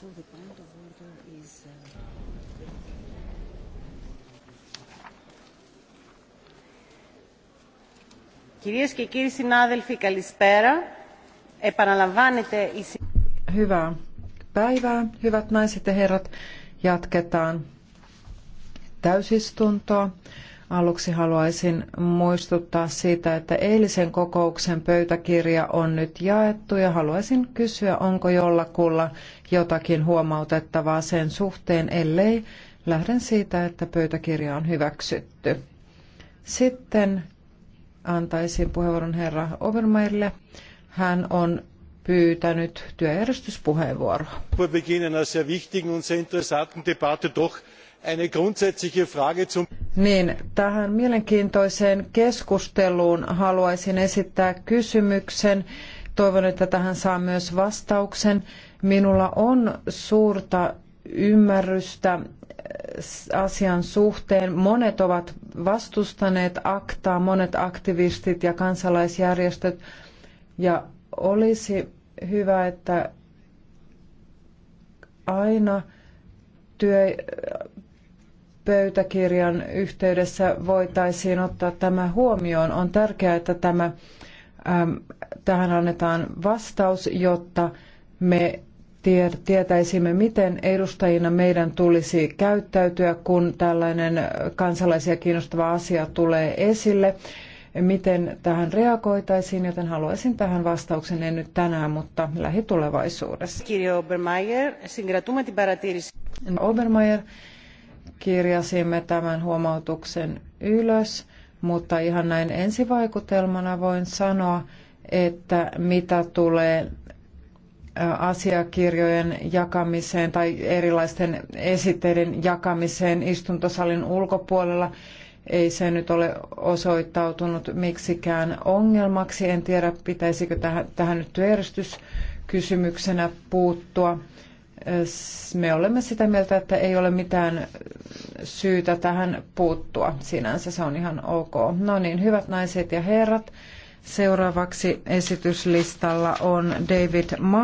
So the point of order is. Uh, Κυρίες και κύριοι συνάδελφοι, καλησπέρα. Επαναλαμβάνεται η... Hyvää päivää, hyvät naiset ja herrat. Jatketaan täysistuntoa. Aluksi haluaisin muistuttaa siitä, että eilisen kokouksen pöytäkirja on nyt jaettu ja haluaisin kysyä, onko jollakulla jotakin huomautettavaa sen suhteen, ellei lähden siitä, että pöytäkirja on hyväksytty. Sitten antaisin puheenvuoron herra Overmeille. Hän on pyytänyt työjärjestyspuheenvuoroa. Niin, tähän mielenkiintoiseen keskusteluun haluaisin esittää kysymyksen. Toivon, että tähän saa myös vastauksen. Minulla on suurta ymmärrystä äh, asian suhteen. Monet ovat vastustaneet aktaa, monet aktivistit ja kansalaisjärjestöt. Ja olisi hyvä, että aina työ, pöytäkirjan yhteydessä voitaisiin ottaa tämä huomioon. On tärkeää, että tämä, äm, tähän annetaan vastaus, jotta me tie, tietäisimme, miten edustajina meidän tulisi käyttäytyä, kun tällainen kansalaisia kiinnostava asia tulee esille miten tähän reagoitaisiin, joten haluaisin tähän vastauksen en nyt tänään, mutta lähitulevaisuudessa. Kirja Obermeier, singratumme Obermeier, kirjasimme tämän huomautuksen ylös, mutta ihan näin ensivaikutelmana voin sanoa, että mitä tulee asiakirjojen jakamiseen tai erilaisten esitteiden jakamiseen istuntosalin ulkopuolella, ei se nyt ole osoittautunut miksikään ongelmaksi. En tiedä, pitäisikö tähän, tähän nyt työjärjestyskysymyksenä puuttua. Me olemme sitä mieltä, että ei ole mitään syytä tähän puuttua. Sinänsä se on ihan ok. No niin, hyvät naiset ja herrat. Seuraavaksi esityslistalla on David Ma.